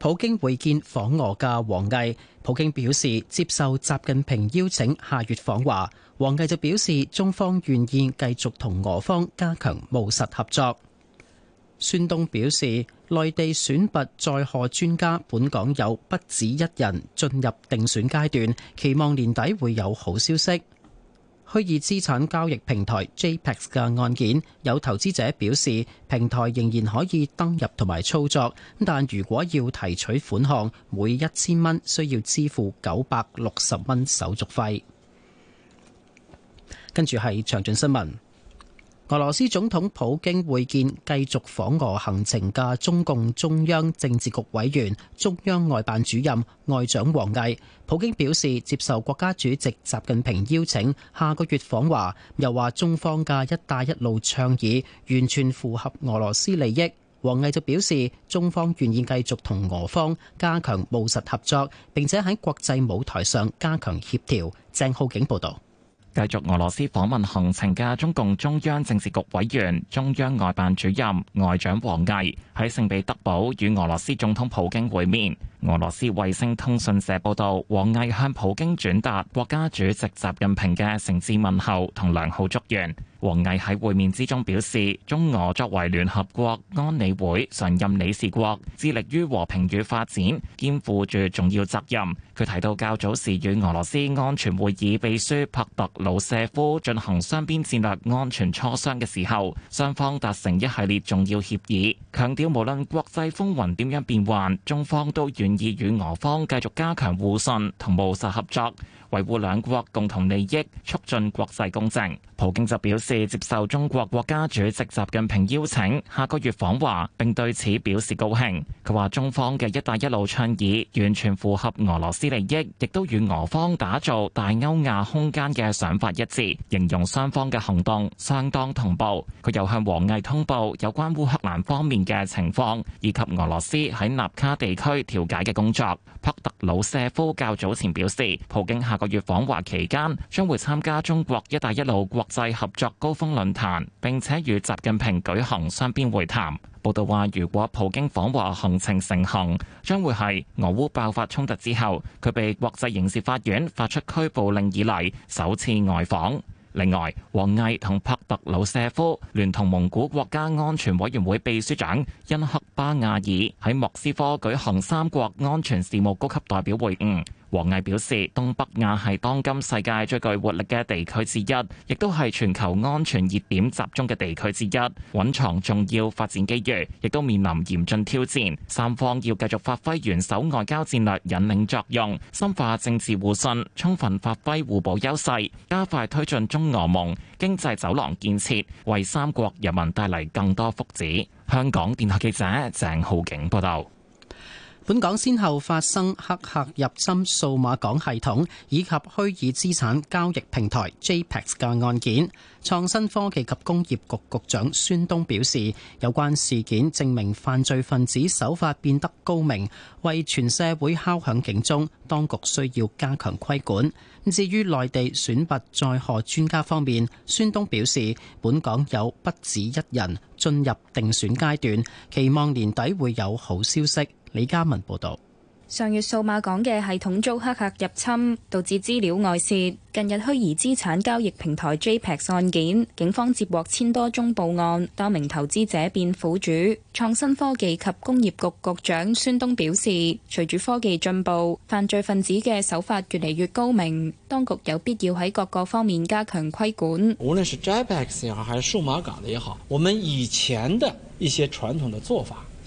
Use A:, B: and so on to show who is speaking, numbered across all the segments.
A: 普京會見訪俄嘅王毅，普京表示接受習近平邀請下月訪華。王毅就表示，中方願意繼續同俄方加強務實合作。孫東表示，內地選拔載荷專家，本港有不止一人進入定選階段，期望年底會有好消息。虛擬資產交易平台 JPEX 嘅案件，有投資者表示，平台仍然可以登入同埋操作，但如果要提取款項，每一千蚊需要支付九百六十蚊手續費。跟住係詳盡新聞。俄羅斯總統普京會見繼續訪俄行程嘅中共中央政治局委員、中央外辦主任、外長王毅。普京表示接受國家主席習近平邀請，下個月訪華。又話中方嘅“一帶一路”倡議完全符合俄羅斯利益。王毅就表示，中方願意繼續同俄方加強務實合作，並且喺國際舞台上加強協調。鄭浩景報道。繼續俄羅斯訪問
B: 行程嘅中共中央政治局委員、中央外辦主任、外長王毅喺聖彼得堡與俄羅斯總統普京會面。俄羅斯衛星通訊社報道，王毅向普京轉達國家主席習近平嘅誠摯問候同良好祝願。王毅喺會面之中表示，中俄作為聯合國安理會常任理事國，致力於和平與發展，肩負住重要責任。佢提到，較早時與俄羅斯安全會議秘，秘書帕特魯舍夫進行雙邊戰略安全磋商嘅時候，雙方達成一系列重要協議，強調無論國際風雲點樣變幻，中方都願。意與俄方繼續加強互信同務實合作。維護兩國共同利益，促進國際公正。普京就表示接受中國國家主席習近平邀請，下個月訪華，並對此表示高興。佢話中方嘅「一帶一路」倡議完全符合俄羅斯利益，亦都與俄方打造大歐亞空間嘅想法一致，形容雙方嘅行動相當同步。佢又向王毅通報有關烏克蘭方面嘅情況，以及俄羅斯喺納卡地區調解嘅工作。帕特魯舍夫較早前表示，普京下個月訪華期間，將會參加中國“一帶一路”國際合作高峰論壇，並且與習近平舉行雙邊會談。報道話，如果普京訪華行程成行，將會係俄烏爆發衝突之後，佢被國際刑事法院發出拘捕令以來首次外訪。另外，王毅同帕特魯舍夫聯同蒙古國家安全委員會秘書長恩克巴雅爾喺莫斯科舉行三國安全事務高級代表會晤。王毅表示，東北亞係當今世界最具活力嘅地區之一，亦都係全球安全熱點集中嘅地區之一，蘊藏重要發展機遇，亦都面臨嚴峻挑戰，三方要繼續發揮元首外交戰略引領作用，深化政治互信，充分發揮互補優勢，加快推進中俄蒙經濟走廊建設，為三國人民帶嚟更多福祉。香港電台
A: 記者鄭浩景報道。本港先後發生黑客入侵數碼港系統以及虛擬資產交易平台 JPEX 嘅案件。創新科技及工業局局長孫東表示，有關事件證明犯罪分子手法變得高明，為全社會敲響警鐘。當局需要加強規管。至於內地選拔載荷專家方面，孫東表示，本港有不止一人進入定選階段，期望年底會有好消息。李家文報道：
C: 上月數碼港嘅系統遭黑客入侵，導致資料外洩。近日虛擬資產交易平台 JPEX 案件，警方接獲千多宗報案，多名投資者變苦主。創新科技及工業局局，局長孫東表示，隨住科技進步，犯罪分子嘅手法越嚟越高明，當局有必要喺各個方面加強規管。
D: 無論是 JPEX 也好，還是數碼港嘅也好，我們以前的一些傳統的做法。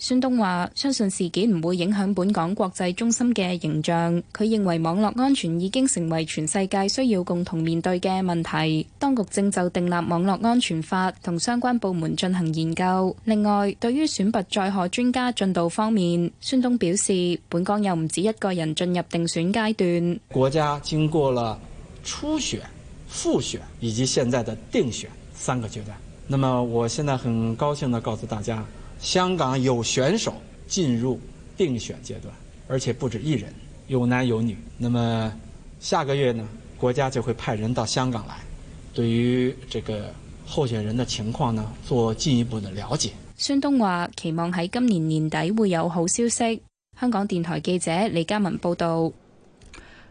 C: 孫東話：相信事件唔會影響本港國際中心嘅形象。佢認為網絡安全已經成為全世界需要共同面對嘅問題。當局正就訂立網絡安全法同相關部門進行研究。另外，對於選拔在何專家進度方面，孫東表示：本港又唔止一個人進入定選階段。
D: 國家經過了初選、複選以及現在的定選三個階段。那麼，我現在很高興地告訴大家。香港有選手進入定選階段，而且不止一人，有男有女。那麼下個月呢，國家就會派人到香港來，對於這個候選人的情況呢，做進一步的了解。
C: 孫東話：期望喺今年年底會有好消息。香港電台記者李嘉文報道。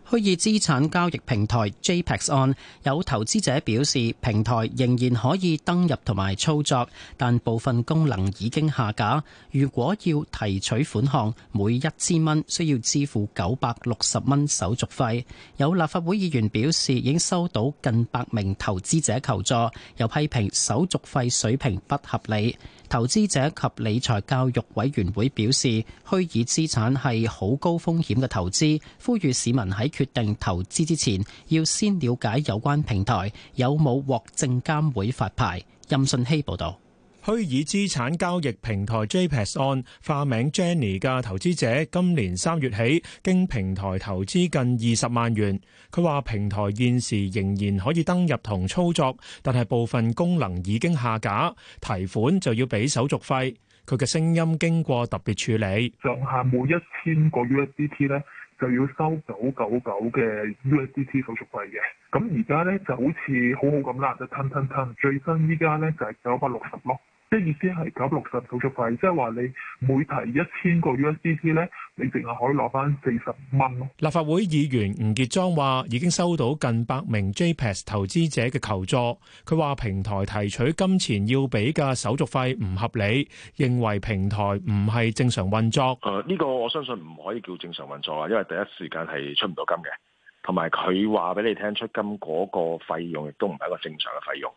A: 虛擬資產交易平台 JPEX 案，有投資者表示平台仍然可以登入同埋操作，但部分功能已經下架。如果要提取款項，每一千蚊需要支付九百六十蚊手續費。有立法會議員表示已經收到近百名投資者求助，又批評手續費水平不合理。投資者及理財教育委員會表示，虛擬資產係好高風險嘅投資，呼籲市民喺決定投資之前，要先了解有關平台有冇獲證監會發牌。任信希報導，虛擬資產交易平台
E: JPS 案，化名 Jenny 嘅投資者，今年三月起經平台投資近二十萬元。佢話平台現時仍然可以登入同操作，但係部分功能已經下架，提款就要俾手續費。佢嘅聲音經過特別處理，
F: 上下每一千個 USDT 呢，就要收九九九嘅 USDT 手續費嘅，咁而家咧就好似好好咁喇就吞吞吞，最新依家咧就係九百六十囉。即意思係九六十手續費，即係話你每提一千個 USDT 咧，你淨係可以攞翻四十蚊。
E: 立法會議員吳傑莊話已經收到近百名 JPEX 投資者嘅求助。佢話平台提取金錢要俾嘅手續費唔合理，認為平台唔係正常運作。誒呢個我相信唔可以叫正常運作喇，因為第一時間係出唔到金嘅。同埋佢話俾你聽，出金嗰個費用亦都唔係一個正常嘅費用。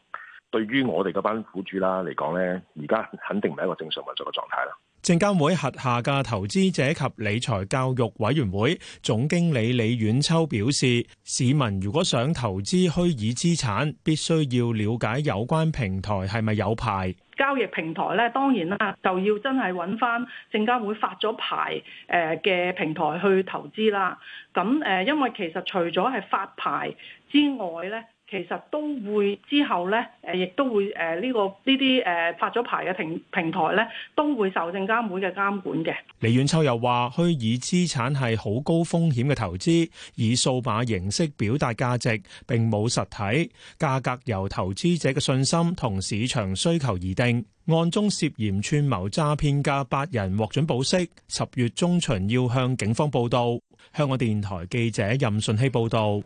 E: 對於我哋嗰班苦主啦嚟講咧，而家肯定唔係一個正常運作嘅狀態啦。證監會轄下嘅投資者及理財教育委員會總經理李遠秋表示，市民如果想投資虛擬資產，必須要了解有關平台係咪有牌。
G: 交易平台咧，當然啦，就要真係揾翻證監會發咗牌誒嘅平台去投資啦。咁誒，呃，因為其實除咗係發牌之外咧。其實都會之後咧，誒亦都會誒、這、呢個呢啲誒發咗牌嘅平平台咧，都會受證監會嘅監管嘅。
E: 李遠秋又話：虛擬資產係好高風險嘅投資，以數碼形式表達價值並冇實體，價格由投資者嘅信心同市場需求而定。案中涉嫌串謀詐騙嘅八人獲准保釋，十月中旬要向警方報到。香港電
A: 台記者任順希報導。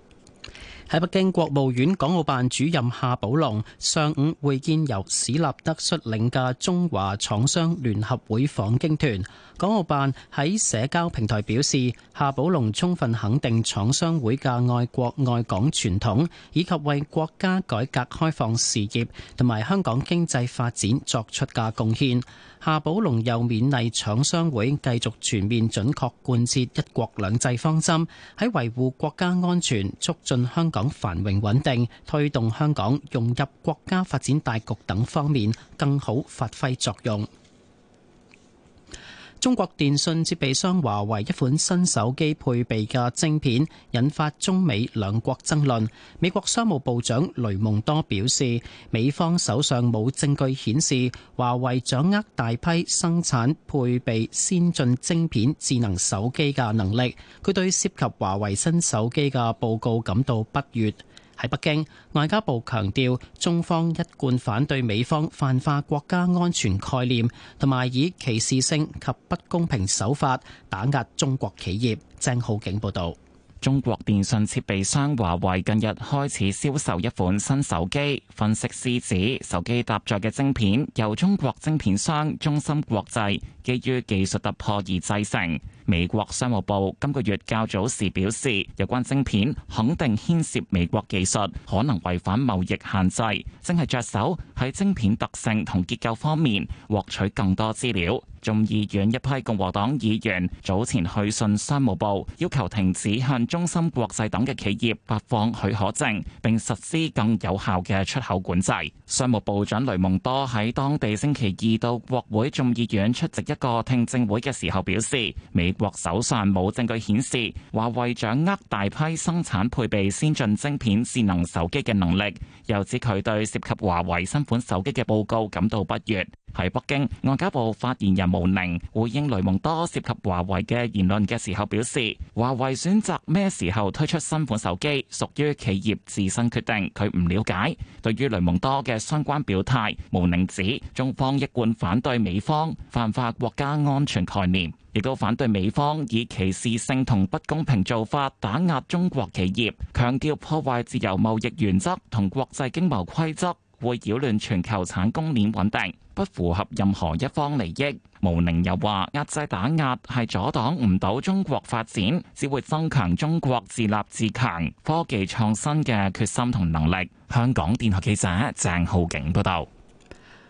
A: 喺北京，國務院港澳辦主任夏寶龍上午會見由史立德率領嘅中華廠商聯合會訪京團。港澳辦喺社交平台表示，夏寶龍充分肯定廠商會嘅愛國愛港傳統，以及為國家改革開放事業同埋香港經濟發展作出嘅貢獻。夏寶龍又勉勵廠商會繼續全面準確貫徹一國兩制方針，喺維護國家安全、促進香港繁榮穩定，推動香港融入國家發展大局等方面，更好發揮作用。中國電信設備商華為一款新手機配備嘅晶片，引發中美兩國爭論。美國商務部長雷蒙多表示，美方手上冇證據顯示華為掌握大批生產配備先進晶片智能手機嘅能力。佢對涉及華為新手機嘅報告感到不悦。喺北京，外交部強調中方一貫反對美方泛化國家安全概念，同埋以歧視性及不公平手法打壓中國企業。鄭浩景報道，
B: 中國電信設備商華為近日開始銷售一款新手機，分析師指手機搭載嘅晶片由中國晶片商中芯國際基於技術突破而製成。美國商務部今個月較早時表示，有關晶片肯定牽涉美國技術，可能違反貿易限制，正係着手喺晶片特性同結構方面獲取更多資料。眾議院一批共和黨議員早前去信商務部，要求停止向中芯國際等嘅企業發放許可證，並實施更有效嘅出口管制。商務部長雷蒙多喺當地星期二到國會眾議院出席一個聽證會嘅時候表示，美或手上冇證據顯示華為掌握大批生產配備先進晶片、智能手機嘅能力，又指佢對涉及華為新款手機嘅報告感到不悅。喺北京，外交部發言人毛寧回應雷蒙多涉及華為嘅言論嘅時候表示，華為選擇咩時候推出新款手機，屬於企業自身決定，佢唔了解。對於雷蒙多嘅相關表態，毛寧指中方一貫反對美方泛化國家安全概念。亦都反對美方以歧視性同不公平做法打壓中國企業，強調破壞自由貿易原則同國際經貿規則會擾亂全球產供鏈穩定，不符合任何一方利益。毛寧又話壓制打壓係阻擋唔到中國發展，只會增強中國自立自強科技創新嘅決心同能力。香港電台記
A: 者鄭浩景報道。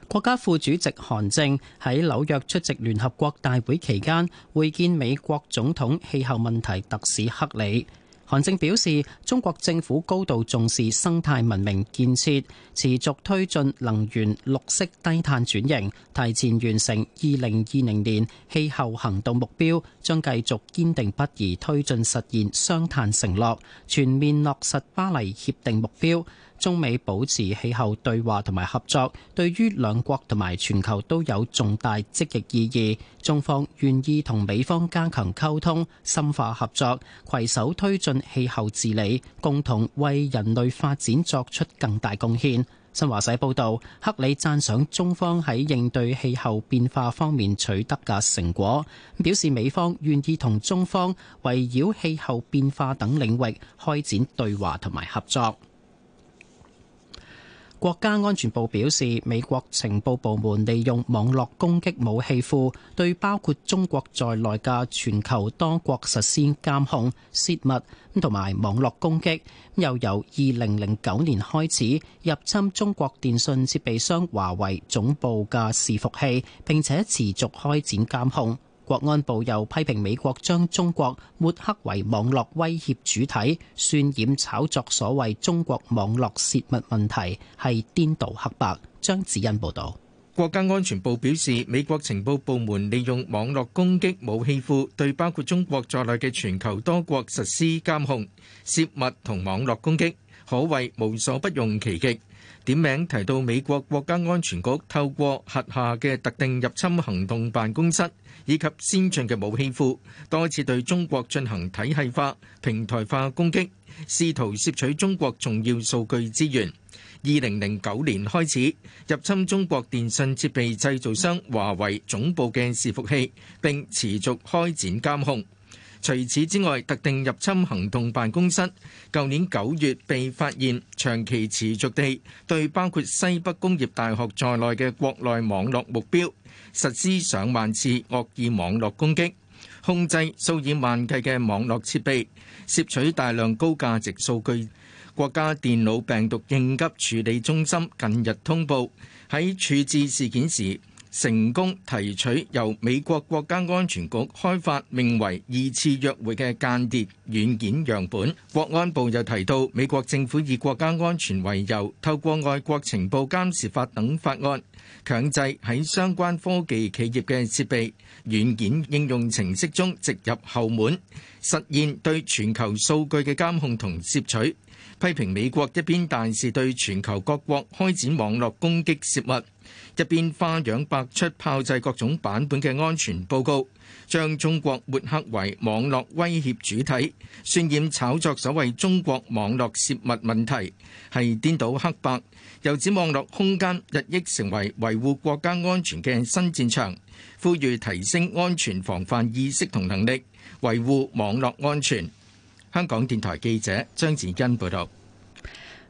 A: 國家副主席韓正喺紐約出席聯合國大會期間會見美國總統氣候問題特使克里。韓正表示，中國政府高度重視生態文明建設，持續推進能源綠色低碳轉型，提前完成二零二零年氣候行動目標，將繼續堅定不移推進實現雙碳承諾，全面落實巴黎協定目標。中美保持氣候對話同埋合作，對於兩國同埋全球都有重大積極意義，中方願意同美方加強溝通、深化合作，携手推進氣候治理，共同為人類發展作出更大貢獻，新華社報道，克里讚賞中方喺應對氣候變化方面取得嘅成果，表示美方願意同中方圍繞氣候變化等領域開展對話同埋合作。國家安全部表示，美國情報部門利用網絡攻擊武器庫，對包括中國在內嘅全球多國實施監控、竊密，同埋網絡攻擊，又由二零零九年開始入侵中國電信設備商華為總部嘅伺服器，並且持續開展監控。國安部又批評美國將中國抹黑為網絡威脅主體，渲染炒作所謂中國網絡泄密問題，係顛倒黑白。張子欣報導，
H: 國家安全部表示，美國情報部門利用網絡攻擊武器庫，對包括中國在內嘅全球多國實施監控、泄密同網絡攻擊，可謂無所不用其極。點名提到美國國家安全局透過轄下嘅特定入侵行動辦公室，以及先進嘅武器庫，多次對中國進行體系化、平台化攻擊，試圖竊取中國重要數據資源。二零零九年開始入侵中國電信設備製造商華為總部嘅伺服器，並持續開展監控。除此之外，特定入侵行動辦公室，舊年九月被發現長期持續地對包括西北工業大學在內嘅國內網絡目標。實施上萬次惡意網絡攻擊，控制數以萬計嘅網絡設備，竊取大量高價值數據。國家電腦病毒應急處理中心近日通報，喺處置事件時，成功提取由美國國家安全局開發名為二次約會嘅間諜軟件樣本。國安部又提到，美國政府以國家安全為由，透過外國情報監視法等法案，強制喺相關科技企業嘅設備軟件應用程式中植入後門，實現對全球數據嘅監控同攝取。批評美國一邊，大肆對全球各國開展網絡攻擊竊密。一邊花樣百出炮製各種版本嘅安全報告，將中國抹黑為網絡威脅主體，渲染炒作所謂中國網絡泄密問題，係顛倒黑白；又指網絡空間日益成為維護國家安全嘅新戰場，呼籲提升安全防範意識同能力，維護網絡安全。
A: 香港電台記者張子欣報道。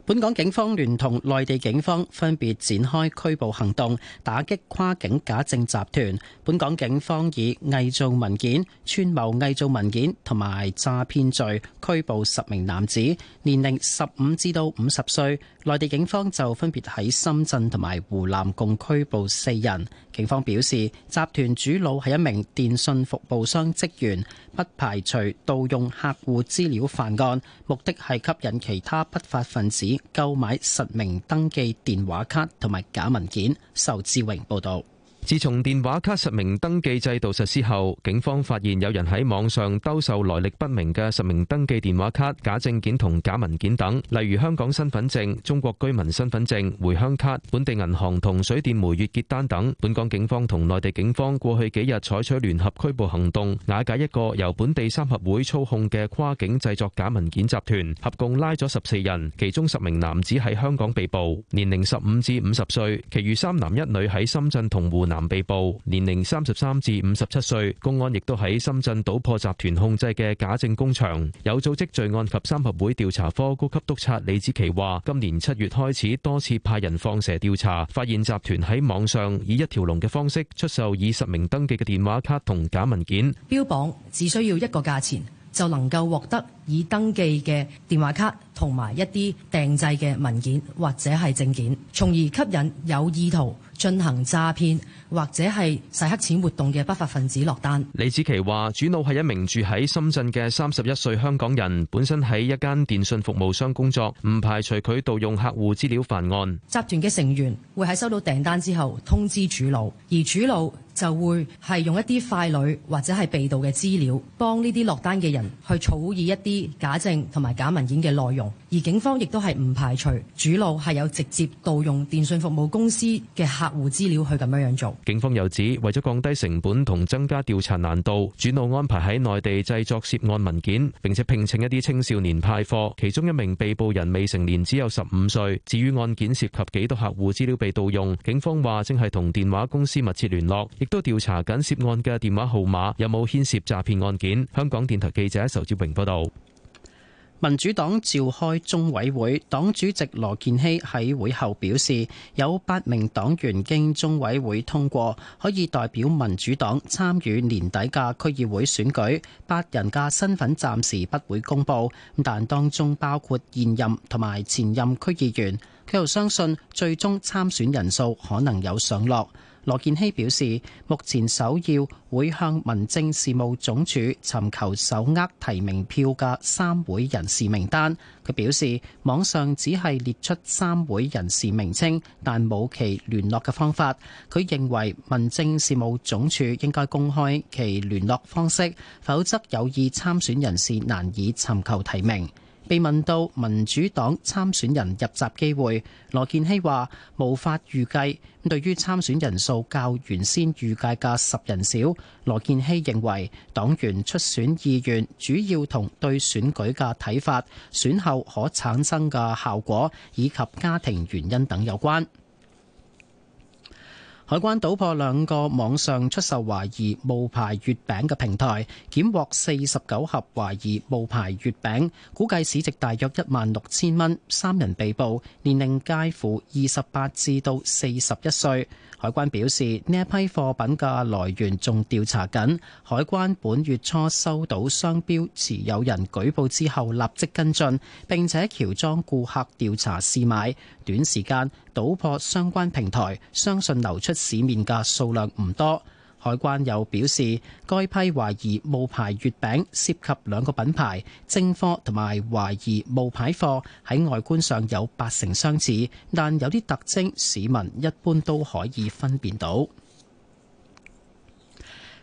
A: 本港警方聯同內地警方分別展開拘捕行動，打擊跨境假證集團。本港警方以偽造文件、串謀偽造文件同埋詐騙罪拘捕十名男子，年齡十五至到五十歲。內地警方就分別喺深圳同埋湖南共拘捕四人。警方表示，集團主腦係一名電信服務商職員，不排除盜用客戶資料犯案，目的係吸引其他不法分子購買實名登記電話卡同埋假文件。仇志榮報道。自從電話卡實名登
F: 記制度實施後，警方發現有人喺網上兜售來歷不明嘅實名登記電話卡、假證件同假文件等，例如香港身份證、中國居民身份證、回鄉卡、本地銀行同水電煤月結單等。本港警方同內地警方過去幾日採取聯合拘捕行動，瓦解一個由本地三合會操控嘅跨境製作假文件集團，合共拉咗十四人，其中十名男子喺香港被捕，年齡十五至五十歲，其餘三男一女喺深圳同湖南。男被捕，年齡三十三至五十七歲。公安亦都喺深圳搗破集團控制嘅假證工場，有組織罪案及三合會調查科高級督察李子琪話：今年七月開始多次派人放蛇調查，發現集團喺網上以一條龍嘅方式出售以實名登記嘅電話卡同假文件，
G: 標榜只需要一個價錢就能夠獲得。以登記嘅電話卡同埋一啲訂製嘅文件或者係證件，從而吸引有意圖進行詐騙或者係洗黑錢活動嘅不法分子落單。
F: 李子琪話：主腦係一名住喺深圳嘅三十一歲香港人，本身喺一間電信服務商工作，唔排除佢盜用客戶資料犯案。
G: 集團嘅成員會喺收到訂單之後通知主腦，而主腦就會係用一啲傀儡或者係被盜嘅資料，幫呢啲落單嘅人去草擬一啲。假證同埋假文件嘅內容，而警方亦都係唔排除主腦係有直接盜用電信服務公司嘅客戶資料去咁樣樣做。
F: 警方又指，為咗降低成本同增加調查難度，主腦安排喺內地製作涉案文件，並且聘請一啲青少年派貨。其中一名被捕人未成年，只有十五歲。至於案件涉及幾多客戶資料被盜用，警方話正係同電話公司密切聯絡，亦都調查緊涉案嘅電話號碼有冇牽涉詐騙案件。香港電台記者仇志榮報道。
A: 民主黨召開中委會，黨主席羅健熙喺會後表示，有八名黨員經中委會通過，可以代表民主黨參與年底嘅區議會選舉。八人嘅身份暫時不會公布，但當中包括現任同埋前任區議員，佢又相信，最終參選人數可能有上落。羅健熙表示，目前首要會向民政事務總署尋求手握提名票嘅三會人士名單。佢表示，網上只係列出三會人士名稱，但冇其聯絡嘅方法。佢認為民政事務總署應該公開其聯絡方式，否則有意參選人士難以尋求提名。被問到民主黨參選人入閘機會，羅健熙話無法預計。對於參選人數較原先預計嘅十人少，羅健熙認為黨員出選意願主要同對選舉嘅睇法、選後可產生嘅效果以及家庭原因等有關。海關搗破兩個網上出售懷疑冒牌月餅嘅平台，檢獲四十九盒懷疑冒牌月餅，估計市值大約一萬六千蚊，三人被捕，年齡介乎二十八至到四十一歲。海關表示，呢一批貨品嘅來源仲調查緊。海關本月初收到商標持有人舉報之後，立即跟進，並且喬裝顧客調查試買，短時間搗破相關平台，相信流出市面嘅數量唔多。海關又表示，該批懷疑冒牌月餅涉及兩個品牌正貨同埋懷疑冒牌貨，喺外觀上有八成相似，但有啲特徵市民一般都可以分辨到。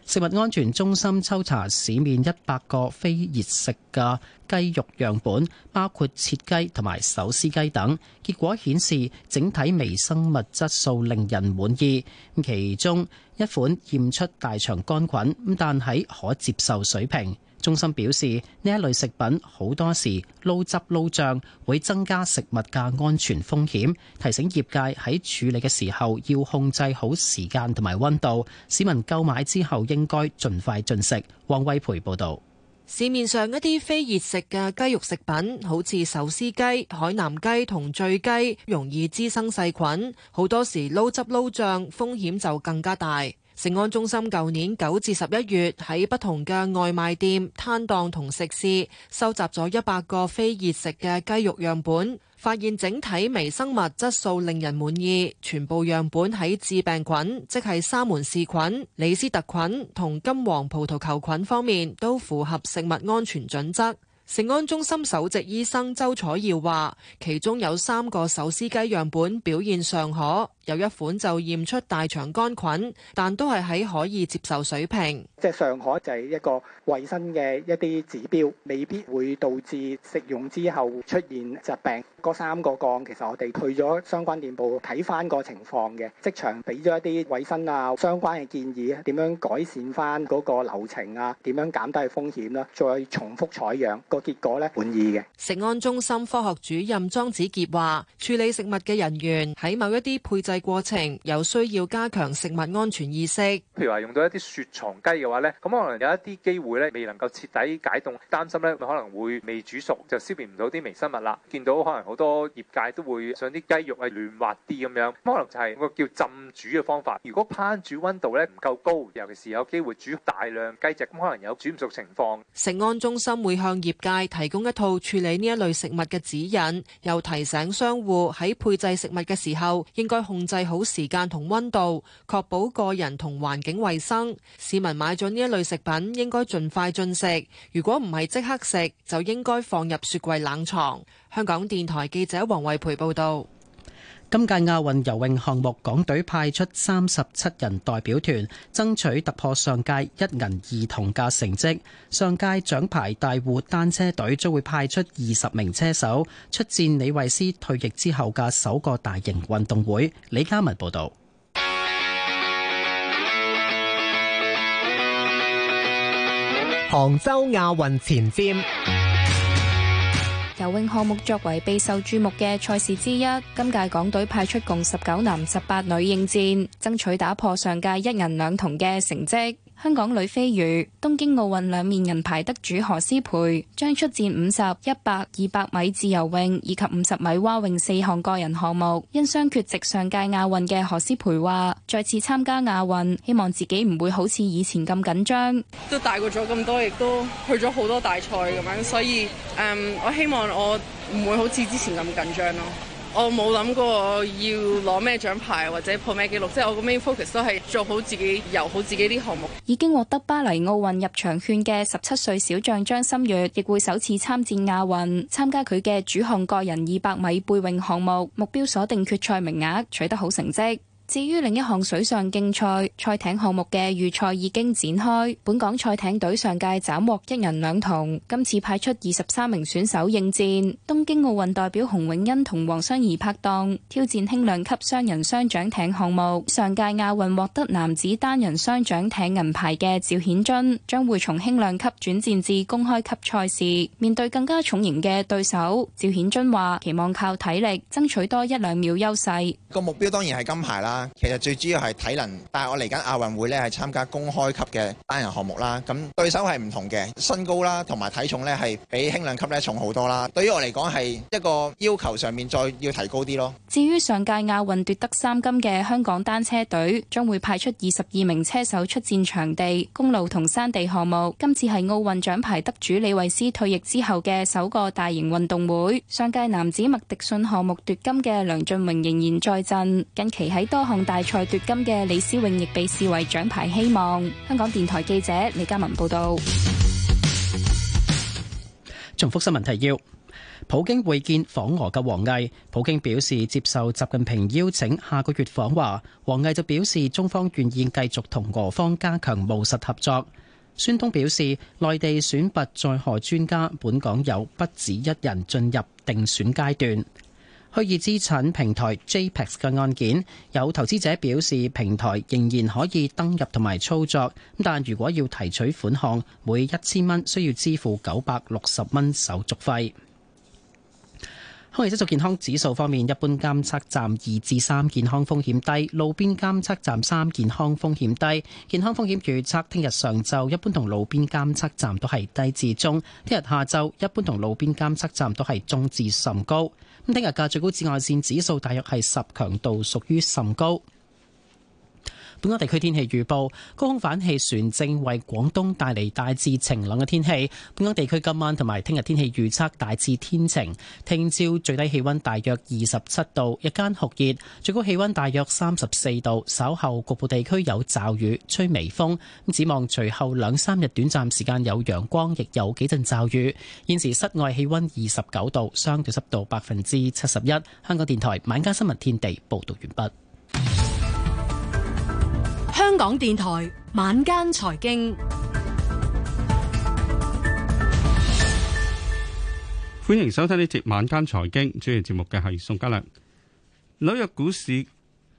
A: 食物安全中心抽查市面一百個非熱食嘅雞肉樣本，包括切雞同埋手撕雞等，結果顯示整體微生物質素令人滿意。其中一款驗出大腸桿菌，但係可接受水平。中心表示，呢一類食品好多時撈汁撈醬會增加食物嘅安全風險，提醒業界喺處理嘅時候要控制好時間同埋温度。市民購買之後應該盡快進食。王威培報道。
I: 市面上一啲非熱食嘅雞肉食品，好似手撕雞、海南雞同醉雞容易滋生細菌。好多時撈汁撈醬風險就更加大。食安中心舊年九至十一月喺不同嘅外賣店、攤檔同食肆收集咗一百個非熱食嘅雞肉樣本，發現整體微生物質素令人滿意，全部樣本喺致病菌，即係沙門氏菌、李斯特菌同金黃葡萄球菌方面都符合食物安全準則。食安中心首席醫生周彩耀話，其中有三個手撕雞樣本表現尚可，有一款就驗出大腸桿菌，但都係喺可以接受水平。
D: 即係尚可就係一個衛生嘅一啲指標，未必會導致食用之後出現疾病。嗰三個個其實我哋去咗相關店鋪睇翻個情況嘅，即場俾咗一啲衛生啊相關嘅建議，點樣改善翻嗰個流程啊，點樣減低風險啦，再重複採樣結果咧滿
J: 意嘅。
I: 食安中心科學主任莊子傑話，處理食物嘅人員喺某一啲配製過程，有需要加強食物安全意識。
J: 譬如話用到一啲雪藏雞嘅話呢，咁可能有一啲機會咧未能夠徹底解凍，擔心咧可能會未煮熟就消滅唔到啲微生物啦。見到可能好多業界都會想啲雞肉係嫩滑啲咁樣，可能就係個叫浸煮嘅方法。如果烹煮温度呢唔夠高，尤其是有機會煮大量雞隻，咁可能有煮唔熟情況。
I: 食安中心會向業界。提供一套處理呢一類食物嘅指引，又提醒商戶喺配製食物嘅時候應該控制好時間同温度，確保個人同環境衛生。市民買咗呢一類食品，應該盡快進食。如果唔係即刻食，就應該放入雪櫃冷藏。香港電台記者黃慧培報道。
A: 今屆亞運游泳項目，港隊派出三十七人代表團，爭取突破上屆一銀二銅嘅成績。上屆獎牌大戶單車隊將會派出二十名車手，出戰李慧詩退役之後嘅首個大型運動會。李嘉文報道。杭州亞運前瞻。
C: 游泳項目作為備受注目嘅賽事之一，今屆港隊派出共十九男十八女應戰，爭取打破上屆一銀兩銅嘅成績。香港女飛魚、東京奧運兩面銀牌得主何詩蓓將出戰五十、一百、二百米自由泳以及五十米蛙泳四項個人項目。因傷缺席上屆亞運嘅何詩蓓話：再次參加亞運，希望自己唔會好似以前咁緊張。
K: 都大過咗咁多，亦都去咗好多大賽咁樣，所以，um, 我希望我唔會好似之前咁緊張咯。我冇諗過要攞咩獎牌或者破咩紀錄，即係我個 main focus 都係做好自己，游好自己啲項目。
C: 已經獲得巴黎奧運入場券嘅十七歲小將張心悅，亦會首次參戰亞運，參加佢嘅主項個人二百米背泳項目，目標鎖定決賽名額，取得好成績。至於另一項水上競賽，賽艇項目嘅預賽已經展開。本港賽艇隊上屆斬獲一人兩銅，今次派出二十三名選手應戰。東京奧運代表洪永恩同黃雙怡拍檔挑戰輕量級雙人雙槳艇項目。上屆亞運獲得男子單人雙槳艇銀牌嘅趙顯臻將會從輕量級轉戰至公開級賽事，面對更加重型嘅對手。趙顯臻話：期望靠體力爭取多一兩秒優勢。個目標當然係
J: 金牌啦。其實最主要係體能，但係我嚟緊亞運會呢係參加公開級嘅單人項目啦。咁對手係唔同嘅，身高啦同埋體重呢係比輕量級咧重好多啦。對於我嚟講係一個要求上面再要提高啲咯。
C: 至於上屆亞運奪得三金嘅香港單車隊，將會派出二十二名車手出戰場地、公路同山地項目。今次係奧運獎牌得主李慧詩退役之後嘅首個大型運動會。上屆男子麥迪遜項目奪金嘅梁峻榮仍然在陣，近期喺多同大賽奪金嘅李思穎亦被視為獎牌希望。香港電台記者李嘉文報道。
A: 重複新聞提要：普京會見訪俄嘅王毅，普京表示接受習近平邀請下個月訪華，王毅就表示中方願意繼續同俄方加強務實合作。孫通表示，內地選拔在何專家，本港有不止一人進入定選階段。虛擬資產平台 JPEX 嘅案件，有投資者表示，平台仍然可以登入同埋操作。但如果要提取款項，每一千蚊需要支付九百六十蚊手續費。空氣質素健康指數方面，一般監測站二至三，健康風險低；路邊監測站三，健康風險低。健康風險預測，聽日上晝一般同路邊監測站都係低至中；聽日下晝一般同路邊監測站都係中至甚高。咁聽日嘅最高紫外線指數大約係十強度，屬於甚高。本港地區天氣預報，高空反氣旋正為廣東帶嚟大致晴朗嘅天氣，本港地區今晚同埋聽日天氣預測大致天晴，聽朝最低氣溫大約二十七度，日間酷熱，最高氣溫大約三十四度。稍後局部地區有驟雨，吹微風，咁指望隨後兩三日短暫時間有陽光，亦有幾陣驟雨。現時室外氣溫二十九度，相對濕度百分之七十一。香港電台晚間新聞天地報道完畢。
G: 香港電台晚間財經，
L: 歡迎收聽呢節晚間財經。主持節目嘅係宋家良。紐約股市，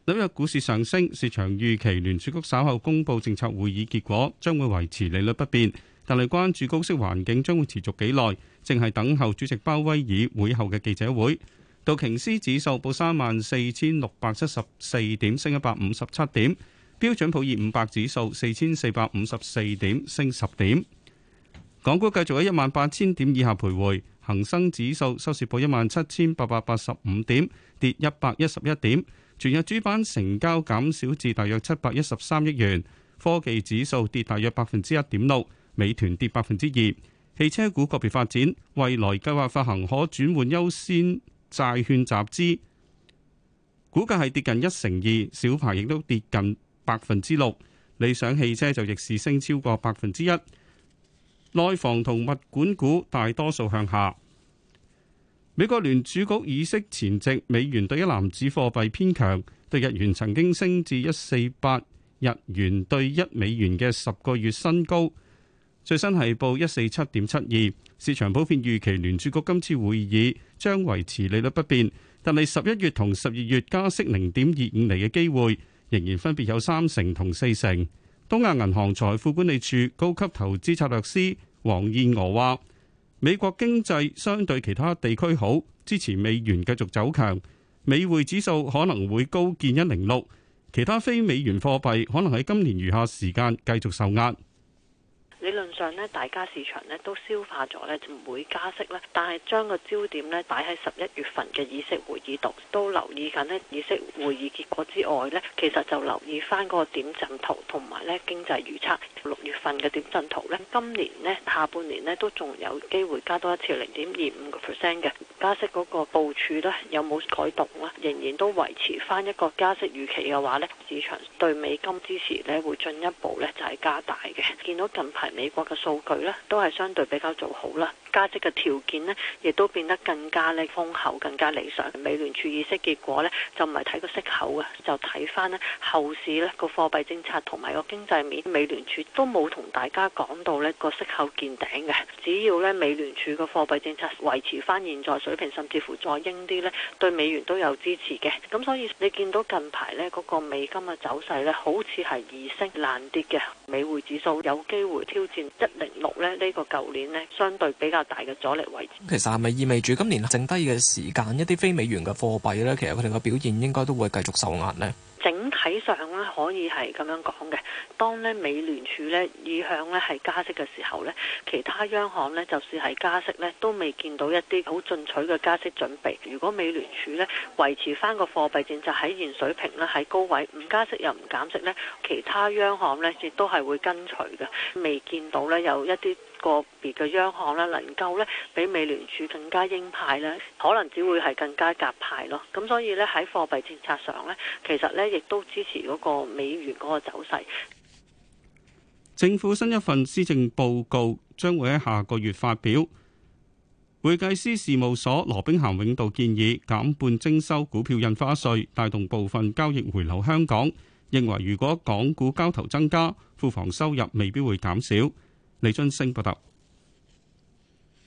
L: 紐約股市上升，市場預期聯儲局稍後公布政策會議結果將會維持利率不變，但係關注高息環境將會持續幾耐，正係等候主席鮑威爾會後嘅記者會。道瓊斯指數報三萬四千六百七十四點，升一百五十七點。標準普爾五百指數四千四百五十四點，升十點。港股繼續喺一萬八千點以下徘徊，恒生指數收市報一萬七千八百八十五點，跌一百一十一點。全日主板成交減少至大約七百一十三億元。科技指數跌大約百分之一點六，美團跌百分之二。汽車股個別發展，蔚來計劃發行可轉換優先債券集資，股價係跌近一成二，小排亦都跌近百分之六，理想汽車就逆市升超過百分之一。內房同物管股大多數向下。美國聯儲局議息前夕美元對一籃子貨幣偏強，對日元曾經升至一四八日元對一美元嘅十個月新高。最新係報一四七點七二。市場普遍預期聯儲局今次會議將維持利率不變，但係十一月同十二月加息零點二五厘嘅機會仍然分別有三成同四成。東亞銀行財富管理處高級投資策略師黃燕娥話，美國經濟相對其他地區好，支持美元繼續走強，美匯指數可能會高見一零六。其他非美元貨幣可能喺今年餘下時間繼續受壓。
G: 理論上咧，大家市場咧都消化咗咧，就唔會加息啦。但係將個焦點咧擺喺十一月份嘅議息會議度，都留意緊咧議息會議結果之外咧，其實就留意翻個點陣圖同埋咧經濟預測，六月份嘅點陣圖咧。今年咧下半年咧都仲有機會加多一次零點二五個 percent 嘅加息嗰個部署咧，有冇改動咧？仍然都維持翻一個加息預期嘅話咧，市場對美金支持咧會進一步咧就係加大嘅。見到近排。美國嘅數據呢，都係相對比較做好啦。加息嘅條件呢，亦都變得更加呢豐厚、更加理想。美聯儲議息結果呢，就唔係睇個息口嘅，就睇翻呢後市呢個貨幣政策同埋個經濟面。美聯儲都冇同大家講到呢個息口見頂嘅，只要呢美聯儲個貨幣政策維持翻現在水平，甚至乎再鷹啲呢對美元都有支持嘅。咁所以你見到近排呢嗰、嗰個美金嘅走勢呢，好似係易升難跌嘅美匯指數，有機會挑戰一零六呢呢、呢個舊年呢，相對比較大嘅阻力位置，
J: 其實係咪意味住今年剩低嘅時間一啲非美元嘅貨幣咧，其實佢哋嘅表現應該都會繼續
G: 受壓咧。整體上咧，可以係咁樣講嘅。當咧美聯儲咧意向咧係加息嘅時候咧，其他央行咧就算係加息咧，都未見到一啲好進取嘅加息準備。如果美聯儲咧維持翻個貨幣政策喺現水平咧，喺高位唔加息又唔減息咧，其他央行咧亦都係會跟隨嘅，未見到咧有一啲。個別嘅央行咧，能夠咧比美聯儲更加鷹派咧，可能只會係更加鴿派咯。咁所以咧喺貨幣政策上咧，其實咧亦都支持嗰個美元嗰個走勢。
L: 政府新一份施政報告將會喺下個月發表。會計師事務所羅兵咸永道建議減半徵收股票印花稅，帶動部分交易回流香港。認為如果港股交投增加，庫房收入未必會減少。李津升報道。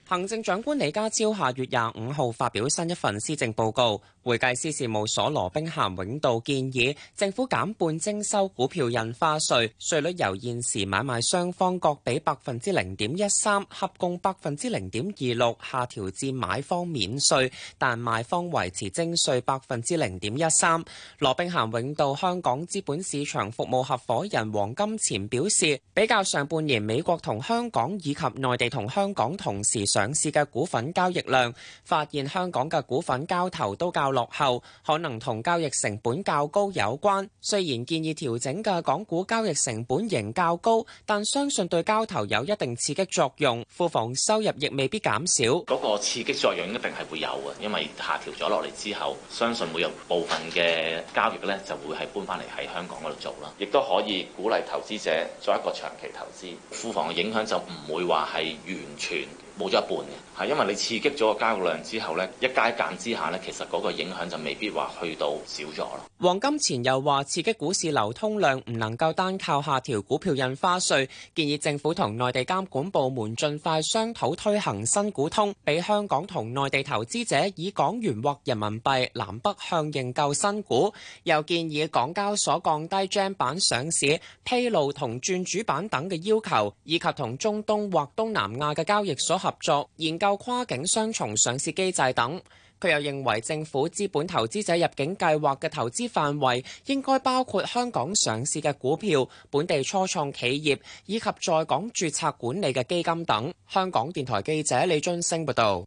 K: 行政長官李家超下月廿五號發表新一份施政報告，會計師事務所羅兵咸永道建議政府減半徵收股票印花稅，稅率由現時買賣雙方各比百分之零點一三，合共百分之零點二六，下調至買方免稅，但賣方維持徵稅百分之零點一三。羅兵咸永道香港資本市場服務合伙人黃金錢表示，比較上半年美國同香港以及內地同香港同時上市嘅股份交易量，發現香港嘅股份交投都較落後，可能同交易成本較高有關。雖然建議調整嘅港股交易成本仍較高，但相信對交投有一定刺激作用。庫房收入亦未必減少，嗰個刺激
B: 作用一定係會有嘅，因為下調咗落嚟之後，相信會有部分嘅交易咧就會係搬翻嚟喺香港嗰度做啦，亦都可以鼓勵投資者作一個長期投資。庫房嘅影響就唔會話係完全。冇咗一半嘅，係因為你刺激咗個交易量之後咧，一加一減之下咧，其實嗰個影響就未必話去到少咗咯。
K: 黃金錢又話刺激股市流通量唔能夠單靠下調股票印花稅，建議政府同內地監管部門盡快商討推行新股通，俾香港同內地投資者以港元或人民幣南北向認購新股。又建議港交所降低 GEM 板上市披露同轉主板等嘅要求，以及同中東或東南亞嘅交易所，合作研究跨境雙重上市機制等，佢又認為政府資本投資者入境計劃嘅投資範圍應該包括香港上市嘅股票、本地初創企業以及在港注冊管理嘅基金等。香港電台記者李津星報道。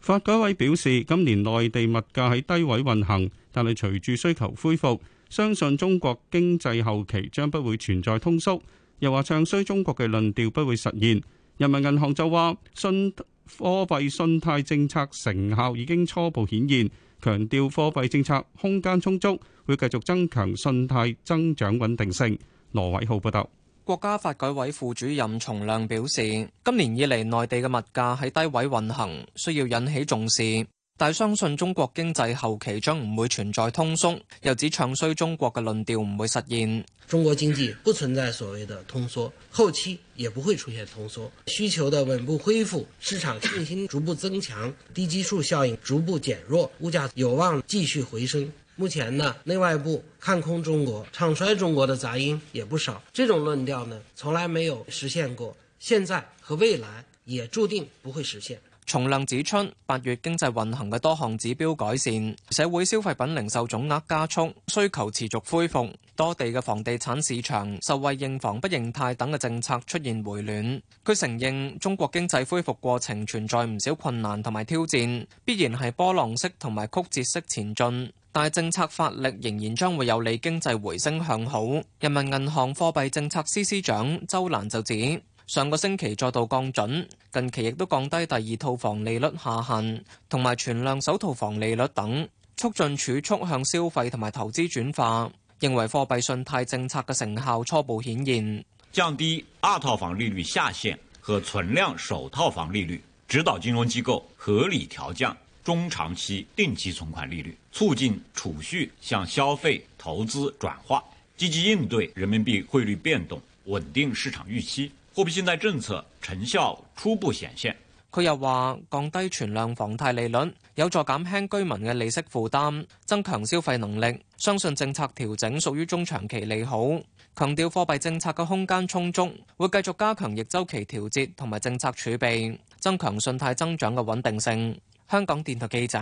L: 發改委表示，今年內地物價喺低位運行，但係隨住需求恢復，相信中國經濟後期將不會存在通縮。又話唱衰中國嘅論調不會實現。人民銀行就話，信貨幣信貸政策成效已經初步顯現，強調貨幣政策空間充足，會繼續增強信貸增長穩定性。羅偉浩報道。
J: 國家發改委副主任叢亮表示，今年以嚟內地嘅物價喺低位運行，需要引起重視。但相信中國經濟後期將唔會存在通縮，又指唱衰中國嘅論調唔會實現。中國經濟
D: 不存在所謂的通縮，後期也不會出現通縮。需求的穩步恢復，市場信心逐步增強，低基數效應逐步減弱，物價有望繼續回升。目前呢，內外部看空中國、唱衰中國的雜音也不少，這種論調呢，從來沒有實現過，現在和未來也注定不會實現。
J: 從亮指出，八月經濟運行嘅多項指標改善，社會消費品零售總額加速，需求持續恢復，多地嘅房地產市場受惠認房不認貸等嘅政策出現回暖。佢承認中國經濟恢復過程存在唔少困難同埋挑戰，必然係波浪式同埋曲折式前進，但係政策發力仍然將會有利經濟回升向好。人民銀行貨幣政策司司長周蘭就指。上個星期再度降準，近期亦都降低第二套房利率下限，同埋存量首套房利率等，促進儲蓄向消費同埋投資轉化。認為貨幣信貸政策嘅成效初步顯現，降低二套房利率下限和存量首套房利率，指導金融機構合
B: 理調降中長期定期存款利率，促進儲蓄向消費投資轉化，積極應對人民幣匯率變動，穩定市場預
J: 期。貨幣信貸政策成效初步顯現。佢又話：降低存量房貸利率，有助減輕居民嘅利息負擔，增強消費能力。相信政策調整屬於中長期利好。強調貨幣政策嘅空間充足，會繼續加強逆周期調節同埋政策儲備，增強信貸增長嘅穩定性。
L: 香港電台記者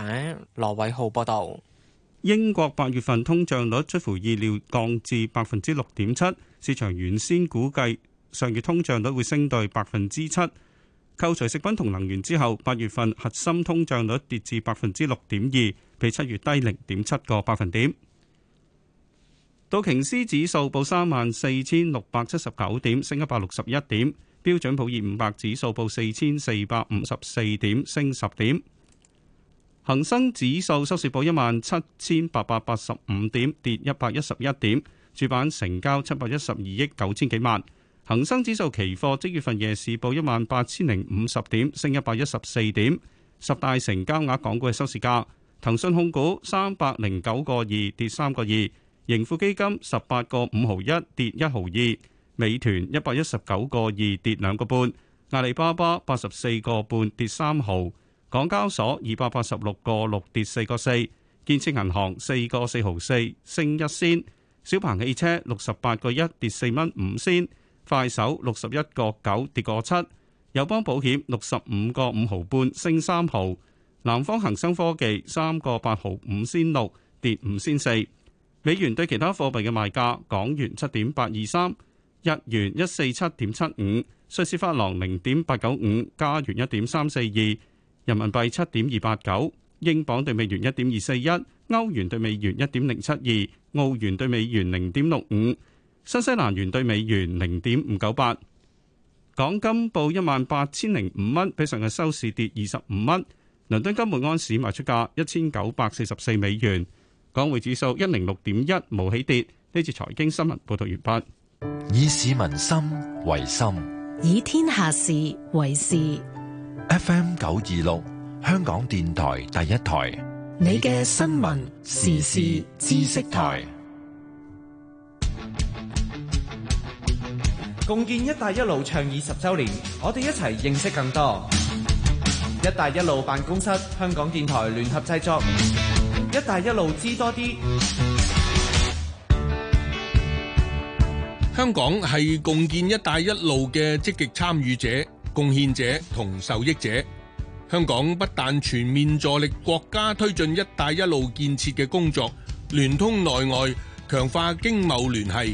L: 羅偉浩報道：英國八月份通脹率出乎意料降至百分之六點七，市場原先估計。上月通脹率會升到百分之七，扣除食品同能源之後，八月份核心通脹率跌至百分之六點二，比七月低零點七個百分點。道瓊斯指數報三萬四千六百七十九點，升一百六十一點；標準普爾五百指數報四千四百五十四點，升十點。恒生指數收市報一萬七千八百八十五點，跌一百一十一點。主板成交七百一十二億九千幾萬。恒生指數期貨即月份夜市報一萬八千零五十點，升一百一十四點。十大成交額港股嘅收市價：騰訊控股三百零九個二，跌三個二；盈富基金十八個五毫一，跌一毫二；美團一百一十九個二，跌兩個半；阿里巴巴八十四個半，跌三毫；港交所二百八十六個六，跌四個四；建設銀行四個四毫四，升一仙；小鵬汽車六十八個一，跌四蚊五仙。快手六十一個九，跌個七，友邦保險六十五個五毫半，升三毫，南方恒生科技三個八毫五先六，跌五先四。美元對其他貨幣嘅賣價：港元七點八二三，日元一四七點七五，瑞士法郎零點八九五，加元一點三四二，人民幣七點二八九，英鎊對美元一點二四一，歐元對美元一點零七二，澳元對美元零點六五。新西蘭元兌美元零點五九八，港金報一萬八千零五蚊，比上日收市跌二十五蚊。倫敦金每安士賣出價一千九百四十四美元，港匯指數一零六點一，無起跌。呢次財經新聞報道完畢。以市民心為心，
G: 以天下事為事。
L: F M 九二六，香
E: 港電台第一台，
G: 你嘅新聞時事
D: 知識台。共建“一帶一路”倡議十周年，我哋一齊認識更多“一帶一路”辦公
M: 室，香港電台聯合製作，《一帶一路》知多啲。香港係共建“一帶一路”嘅積極參與者、貢獻者同受益者。香港不但全面助力國家推進“一帶一路”建設嘅工作，聯通內外，強化經貿聯繫。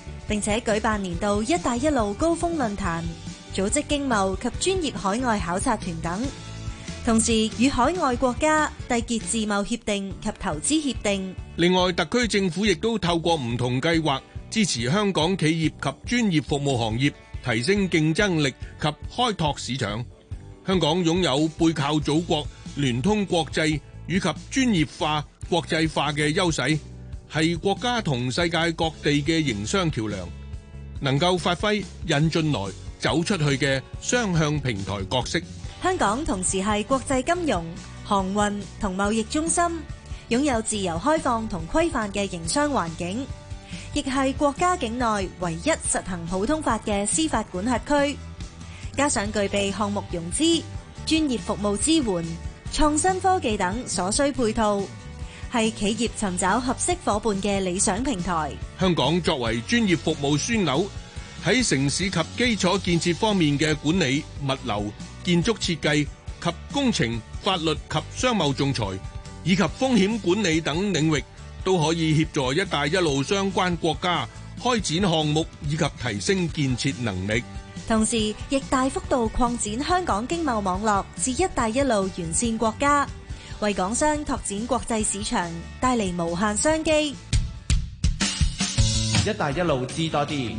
N: 並且舉辦年度“一帶一路”高峰論壇，組織經貿及專業海外考察團等，同時與海外國家締結自貿協定及投資協定。
M: 另外，特區政府亦都透過唔同計劃支持香港企業及專業服務行業，提升競爭力及開拓市場。香港擁有背靠祖國、聯通國際以及專業化、國際化嘅優勢。係國家同世界各地嘅營商橋樑，能夠發揮引進來走出去嘅雙向平台角色。
N: 香港同時係國際金融航運同貿易中心，擁有自由開放同規範嘅營商環境，亦係國家境內唯一實行普通法嘅司法管轄區，加上具備項目融資、專業服務支援、創新科技等所需配套，係企業尋找合適伙伴嘅理想平台。
M: 香港作為專業服務樞紐，喺城市及基礎建設方面嘅管理、物流、建築設計及工程、法律及商貿仲裁、以及風險管理等領域，都可以協助一帶一路相關國家開展項目，以及提升建設能力，
N: 同時亦大幅度擴展香港經貿網絡至一帶一路沿線國家。為港商拓展國際市場，帶嚟無限商機。
D: 一帶一路知多啲。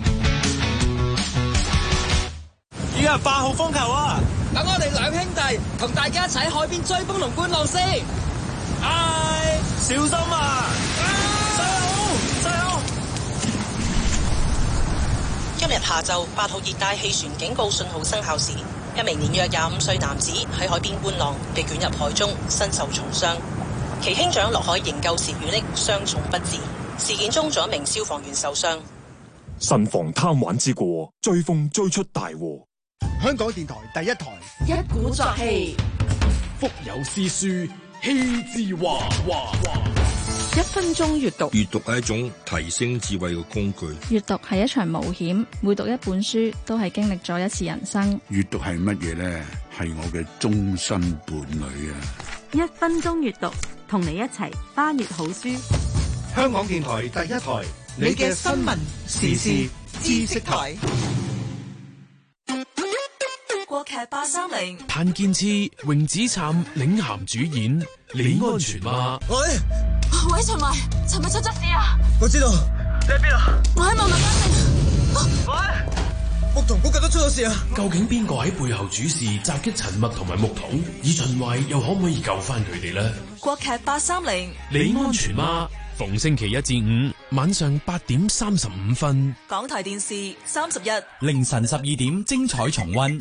D: 依家八號
F: 風球啊！等我哋兩兄弟同大家一齊喺海邊追風龍觀浪先。
G: 係，小心啊！細佬，細佬。今日下晝八號熱帶氣旋警告信號生效時，一名年約廿五歲男子喺海邊觀浪，被捲入海中，身受重傷。
J: 其兄長落海營救時，遇溺，傷重不治。事件中，仲有一名消防員受傷。
E: 慎防貪玩之過，追風追出大禍。香港
G: 電台第一台，一鼓作氣，腹有詩書氣自華。
H: 一分鐘閱讀，閱讀係一種提升智慧嘅
M: 工具。
C: 閱讀係一場冒險，每讀一本書都係經歷咗一次人生。
M: 閱讀係乜嘢咧？係我嘅終身伴侶啊！一
C: 分鐘閱讀，
N: 同你一齊翻閱好書。
L: 香港電台第一台，
M: 你嘅
N: 新聞時事知識台。過劇八三零，
E: 譚建次、榮子燦領銜主演。你安全嗎，啊？
N: 喂。
C: 喂，秦懷，尋日出咗
E: 事啊！我知道，你
C: 喺邊啊？我喺萬民花城。喂，
E: 牧童估計都出咗事啊！究竟邊個喺背後主事襲擊陳默同埋牧童？以秦懷又可唔可以救翻佢哋呢？
N: 國劇八三零，你安全嗎？
E: 逢星期一至五晚上八點三
F: 十五分，
C: 港台電視三十一，
F: 凌晨十二點精彩重溫。